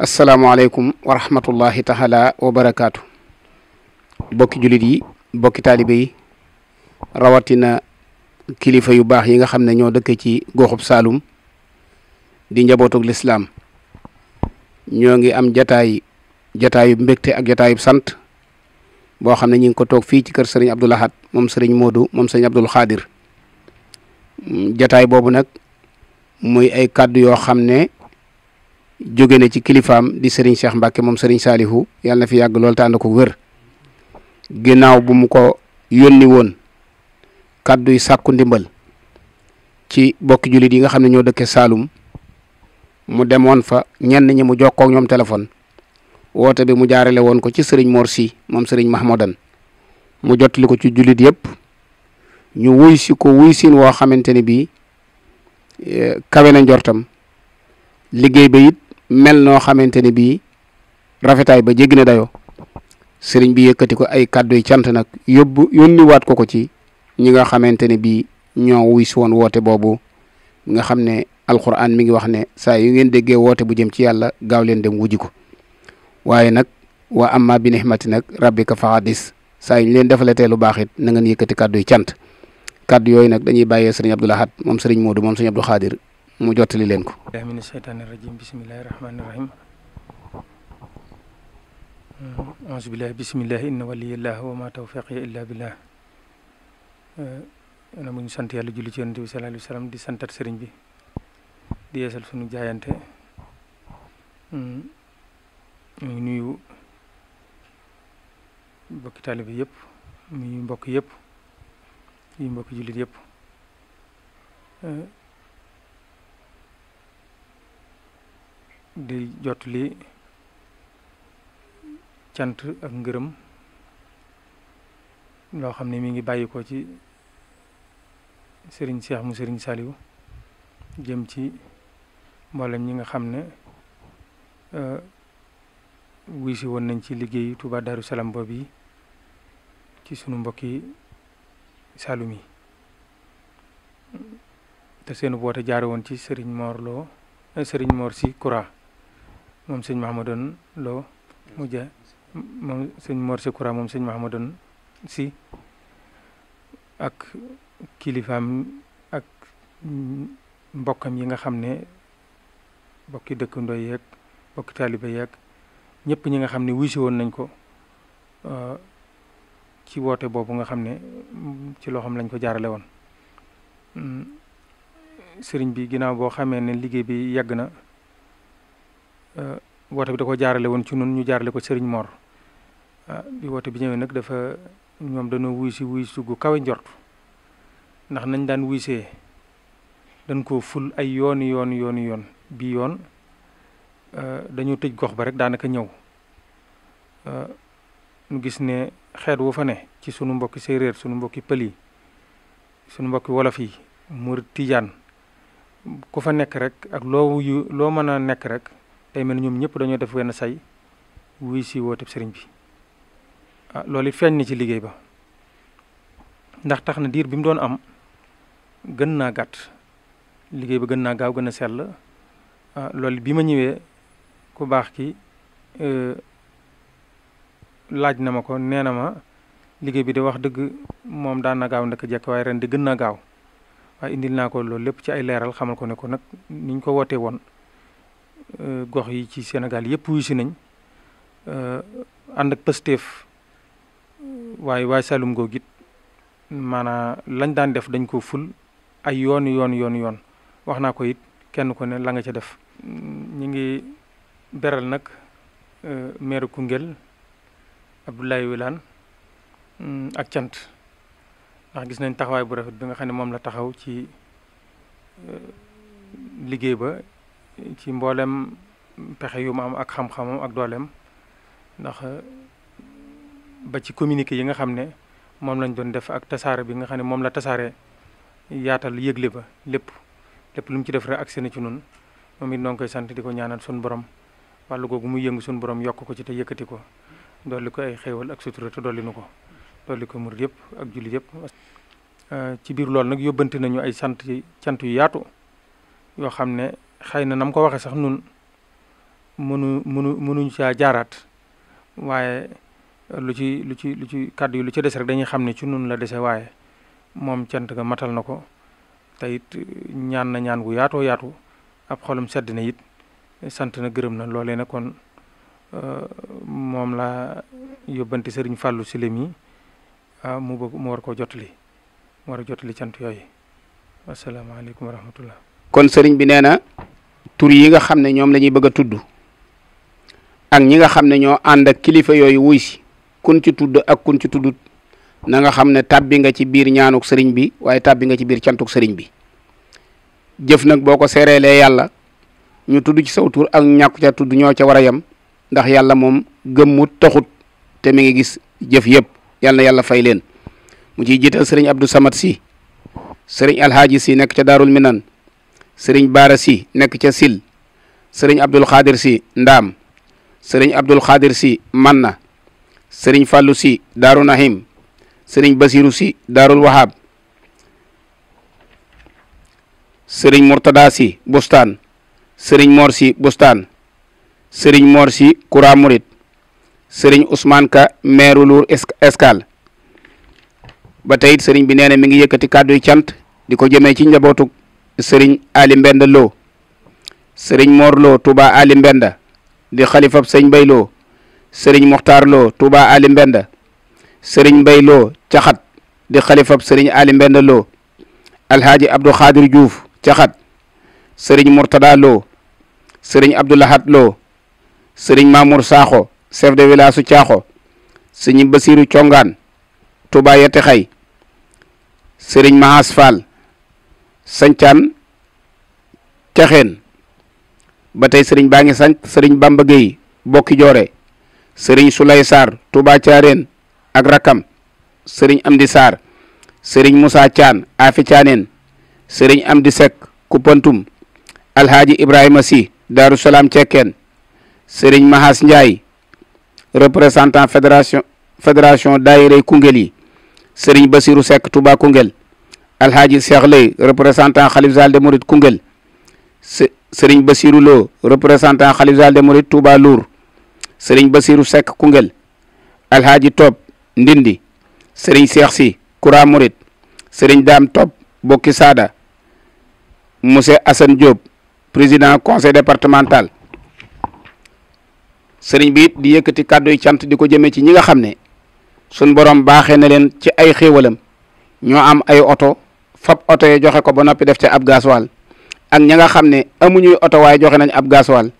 asalaamaaleykum wa rahmatullahi taala wa barakaatu bokki jullit yi bokki taalibe yi rawatina kilifa yu baax yi nga xam ne ñoo dëkk ci goxub Saalum di njabootug lislaam ñoo ngi am jataay jataayub mbekte ak jataayub sant boo xam ne ñu ngi ko toog fii ci kër sëriñ Abdou Lahad moom sëriñ Modou moom sëriñ Abdou Khadir jataay boobu nag muy ay kàddu yoo xam ne jóge na ci kilifaam di sëriñ Cheikh Mbacke moom sëriñ Saalihu yàlla na fi yàgg lool tànn ko wër ginnaaw bu mu ko yónni woon kàdduy sàkku ndimbal ci bokki jullit yi nga xam ne ñoo dëkke Saalum mu demoon fa ñenn ñi mu jokkook ñoom téléphone woote bi mu jaarale woon ko ci sëriñ Mor Si moom sëriñ Mahmoudane mu jottali ko ci jullit yëpp ñu wuy si woo xamante ni bii eh, kawe na njortam liggéey ba it mel noo xamante ne bii rafetaay ba jéggi na dayoo sëriñ bi yëkkati ko ay kàddu cant nag yóbbu yónniwaat ko ko ci ñi nga xamante ne bii ñoo wuy si woon woote boobu nga xam ne alquran mi ngi wax ne saa yu ngeen déggee woote bu jëm ci yàlla gaaw leen dem wuji ko waaye nag waa amma bi nihmati nag rabbika fahadis saa yu ñu leen defalatee baax it na ngeen yëkkati kàddu yu cant kàddu yooyu nag dañuy bàyyee sëriñ Abdou Lahad moom sëriñ Modou moom sëriñ Abdou Khadir mu jottali leen ko billahi mina sheytaani rajim bismillahi rahmaani rahim sant yàlla julli ci yonent bi di santat sëriñ bi di yeesal suñu jaayante mu ngi nuyu mbokki taalibe yëpp nuyu mbokk yëpp nuyu mbokki jullit yëpp di jot li cant ak ngërëm loo xam ne mu ngi bàyyi ko ci sëriñ seex mu sëriñ Saliou jëm ci mboolem ñi nga xam ne euh, wuy si woon nañ ci liggéey Touba Darou Salam boobu yi ci sunu mbokki Saloum yi te seen woote jaare woon ci sëriñ Mor Lo euh, sëriñ Mor si Kura moom sëñ Mahamadoon Lo mujja moom sëñ Mor moom sëñ Mahamadoon si ak kilifaam ak mbokkam yi nga xam ne bokki dëkkandoo yeeg bokki taalibe yeeg ñëpp ñi nga xam ne wuysi woon nañ ko euh, ci woote boobu nga xam ne ci loxoom lañ ko jaarale woon mm, sëriñ bi ginnaaw boo xamee ne liggéey bi yàgg na Eh, woote bi da ko jaarale woon ci noonu ñu jaarale ko Serigne Mor eh, bi woote bi ñëwee nag dafa ñoom dañoo wuy si wuy si gu kawe njort ndax nañ daan wuysee dañ ko ful ay yooni yoon yooni yoon bii yoon eh, dañu tëj gox ba rek daanaka ñëw ñu gis ne xeet wu fa ne ci sunu mbokki séeréer sunu mbokki pël yi sunu mbokki wolof yi murit tijaan ku fa nekk rek ak loo wuyu loo mën a nekk rek tey mel ñoom ñëpp dañoo def wenn say wuy si woote sëriñ bi ah loolu it feeñ na ci liggéey ba ndax tax na diir bi mu doon am gën naa gàtt liggéey ba gën naa gaaw gën a sell ah loolu bi ma ñëwee ku baax ki euh, laaj na ma ko nee na ma liggéey bi de wax dëgg moom daan na gaaw ndaka jekk waaye ren di gën naa gaaw waaye indi naa ko loolu lépp ci ay leeral xamal ko ne ko nag niñ ko wootee woon Euh, gox yi ci Sénégal yëpp wuyu si nañ euh, ànd ak Pastef waaye euh, waaye Saloum googu it maanaam lañ daan def dañ ko ful ay yoon yoon yoon yoon wax naa ko it kenn ko ne la nga ca def. ñu ngi beral nag maire Koungheul Abdoulaye Wilane mm, ak cant ndax gis nañ taxawaay bu rafet bi nga xam ne moom la taxaw ci liggéey ba. ci mboolem pexe yu mu am ak xam-xamam ak doolem ndax euh, ba ci communiqué yi nga xam ne moom lañ doon def ak tasaare bi nga xam ne moom la tasaare yaatal yëgle ba lépp lépp lum ci def rek ak seen ci nun moom it noo koy sant di ko ñaanal suñu borom wàllu googu muy yëngu suñu borom yokk ko ci te yëkkati ko dolli ko ay xéewal ak sutura te dolli nu ko dolli ko murid yëpp ak jullit yëpp. Euh, ci biir loolu nag yóbbante nañu ay sant cant yu yaatu yoo xam ne xëy na nam ko waxee sax nun mënu mënu mënuñ caa jaaraat waaye lu ci lu ci lu ci kàddu yi lu ci des rek dañuy xam ne ci nun la dese waaye moom cant ka matal na ko te it ñaan na ñaan gu yaatoo yaatu ab xolam sedd na it sant na gërëm na loolee nag kon euh, moom la yóbbante sëriñ fàllu Silem yi ah, mu bëgg mu war koo jotali mu war a cant yooyu asalaamaaleykum wa rahmatullah kon sëriñ bi nee tur yi nga xam ne ñoom la ñuy bëgg a tudd ak ñi nga xam ne ñoo ànd ak kilifa yooyu wuy si kun ci tudd ak kun ci tuddut na nga xam ne tàbbi nga ci biir ñaanuk sëriñ bi waaye tàbbi nga ci biir cantuk sëriñ bi jëf nag boo ko seereelee yàlla ñu tudd ci saw tur ak ñàkku ca tudd ñoo ca war a yem ndax yàlla moom gëmmut taxut te mi ngi gis jëf yëpp yàlla yàlla fay leen mu ciy jiital sëriñ Abdou Samad si sëriñ Alhaaji si nekk ca Daarul Minan sëriñ Baara si nekk ca Sil sëriñ Abdul Xaadir si ndam sëriñ Abdul Xaadir si Manna sëriñ Fàllu si Daaru Nahim sëriñ Basiru si Daarul Wahab sëriñ Murtada si Bustaan sëriñ Mor si Bustaan sëriñ Mor si Kura Murit sëriñ Ousmane Ka meeru Lour Escale ba tey it bi nee mi ngi yëkkati kàddu cant di ko jëmee ci njabootu sëriñ Ali Mbenda Lo sëriñ Mor Lo Touba Ali Mbenda di xalifab sëñ Mbay Lo sëriñ Muxtaar Lo Touba Ali Mbenda sëriñ Mbay Lo Caxat di xalifab sëriñ Ali Mbenda Lo Alhaaji Abdou Khadir Diouf Caxat sëriñ Murtada Lo sëriñ Abdoulahat Lo sëriñ Mamour Sakho chef de village su Caaxo sëriñ Basiiru Congaan Touba Yatexay sëriñ Mahas sancaan caxeen ba tey sëriñ baa ngi sanc sëriñ Bamba Gueye bokki joore sëriñ Souley Sarr Touba Thiarène ak rakkam sëriñ Amdi Sarr sëriñ Moussa Thian Afi Thianeen sëriñ Amdi sek Koupantoum Alhaji Ibrahima Sy Darou Salaam Cekkeen sëriñ Mahas Ndiaye représentant fédération fédération daayira Koungheul yi sëriñ Basirou Seck Touba Koungheul alhaaji Cheikh Lay représentant xalif général des mourides Koungheul sëriñ Bassirou Lo représentant xalif général des seriñ basiru sekk sëriñ Bassirou Seck Koungheul alhaaji Top Ndindi sëriñ Cheikh Si Koura Mouride sëriñ Dame Top Bokki Sada monsieur Assane Diop président conseil départemental sëriñ bi di yëkkati kàddu yi cant di ko jëmee ci ñi nga xam ne suñ borom baaxee na leen ci ay xéewalam ñoo am ay oto fab oto joxe ko ba noppi def ca ab gasoil ak ñi nga xam ne amuñuy oto waaye joxe nañ ab gasoil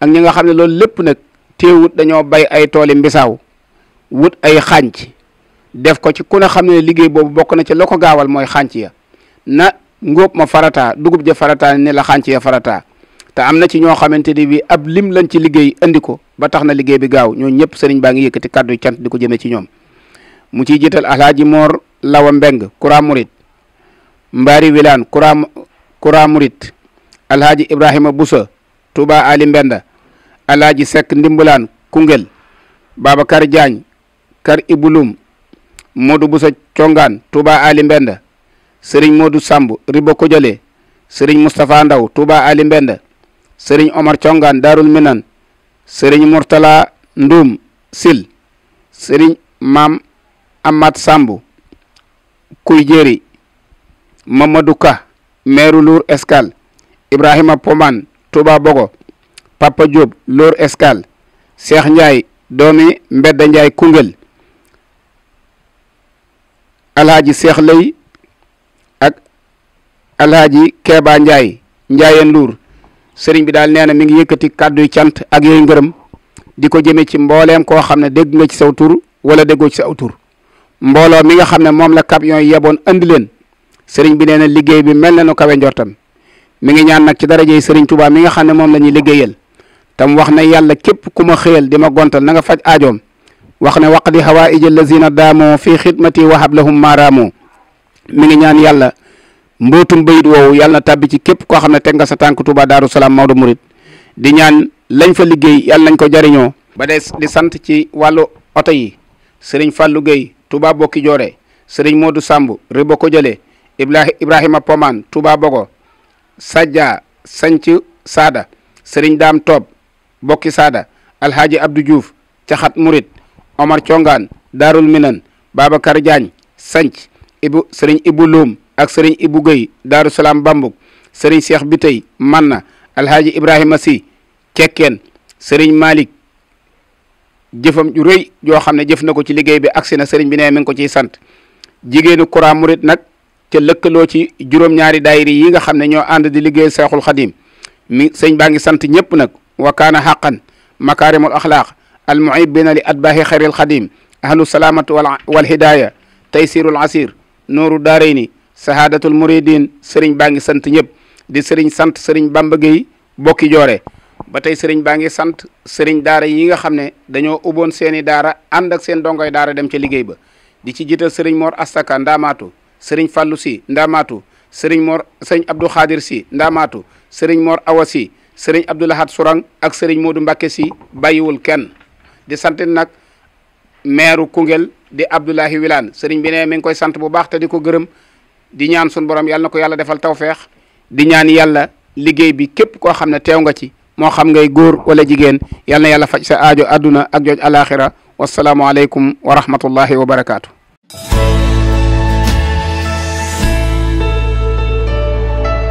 ak ñi nga xam ne loolu lépp nag teewut dañoo bay ay tooli mbisaaw wut ay xànc def ko ci ku ne xam ne liggéey boobu bokk na ci la ko gaawal mooy xànc ya na ngóob ma farataa dugub ja farataa ni la xànc ya farata te am na ci ñoo xamante ni bi ab lim lañ ci liggéey andi ko ba tax na liggéey bi gaaw ñoo ñëpp sëriñ baa ngi yëkkati kàddu cant di ko jëmee ci ñoom mu ciy jiital alaaji moor lawa mbeng kura murit mbaari wilaan kura murit alhaaji ibrahima busa touba ali mbenda alhaaji sekk ndimbalaan kungel babacar diagne kar ibulum modou busa congaan touba ali mbenda serigne modou samb ribo kojole serigne moustapha ndaw touba ali mbenda serigne omar congaan darul minan serigne mourtala ndoum sil serigne mam amat samb kuy jéeri Mamadou Ka maire Lour Escale Ibrahima Pomane Touba Bogo Papa Diop Lour Escale Cheikh Ndiaye doomi Mbedda Ndiaye Koungheul Alhaji Cheikh Lay ak Alhaji Keba njaay Ndiaye luur sëriñ bi daal nee na mi ngi yëkkati kàddu yu cant ak yooyu ngërëm di ko jëmee ci mbooleem koo xam ne dégg nga ci saw tur wala déggoo ci saw tur mbooloo mi nga xam ne moom la camion yi yeboon andi leen sëriñ bi nee na liggéey bi mel na nu kawe njortam mi ngi ñaan nag ci darajey sëriñ Tuubaa mi nga xam ne moom la ñuy tam wax na yàlla képp ku ma xëyal di ma gontal na nga faj aajoom wax na ne waqdi hawaaij allazina daamoo fii xidmati la lahum maaraamoo mi ngi ñaan yàlla mbootum bayit woowu yàlla na tàbbi ci képp koo xam ne teg nga sa tànk tubaa Daaru Salaam Maodo Murit di ñaan lañ fa liggéey yàlla nañ ko jariñoo ba des di sant ci wàllu oto sëriñ Fallou Gueye Touba Bokki Joore sëriñ Modou Samb Ribo ko jëlee Ibrahima Poman Touba Bogo Sadja Sanc Saada sëriñ daam Toob Bokki Saada Alhaji Abdou juuf Caxat Murit Omar Congaan Daarul Minan Babacar Diagne Sanc Ibu Serigne Ibu Loum ak Serigne Ibu Gueye Daaru Salaam Bambug Serigne Cheikh Bitey Manna Alhaji Ibrahima Sy Cekkeen Serigne Malick jëfam ju rëy xam ne jëf na ko ci liggéey bi agsi na sëriñ bi ne mi ngi ko ci sant jigéenu Kura Murit nag. ca lëkkaloo ci juróom-ñaari daayiri yi nga xam ne ñoo ànd di liggéey seexul xadim mi sëñ baa ngi sant ñëpp nag wa kaana xaqan makaarimul axlaaq al muhibbina li atbaahi xayril xadim ahlu salaamatu wal hidaaya taysirul asir nooru daarayni sahaadatul muridin sëriñ baa ngi sant ñëpp di sëriñ sant sëriñ Bamba Gueye bokki joore ba tey sëriñ baa ngi sant sëriñ daara yi nga xam ne dañoo ubboon seeni daara ànd ak seen dongoy daara dem ca liggéey ba di ci jiital sëriñ Mor Astaka Ndaamaatu sëriñ Fallou si Ndamatu sëriñ Mor sëriñ Abdou Khadir si Ndamatu sëriñ Mor Awa si sëriñ Abdou Lahad Sourang ak sëriñ Modou Mbacké si bàyyiwul kenn di sant nag maire Koungheul di Abdoulahi Wilane sëriñ bi ne mi ngi koy sant bu baax te di ko gërëm di ñaan suñu borom yàlla na ko yàlla defal tawfeex di ñaan yàlla liggéey bi képp koo xam ne teew nga ci moo xam ngay góor wala jigéen yàlla na yàlla faj sa ajo àdduna ak jooj alaaxira wassalaamu aleykum wa rahmatullahi wa barakaatu.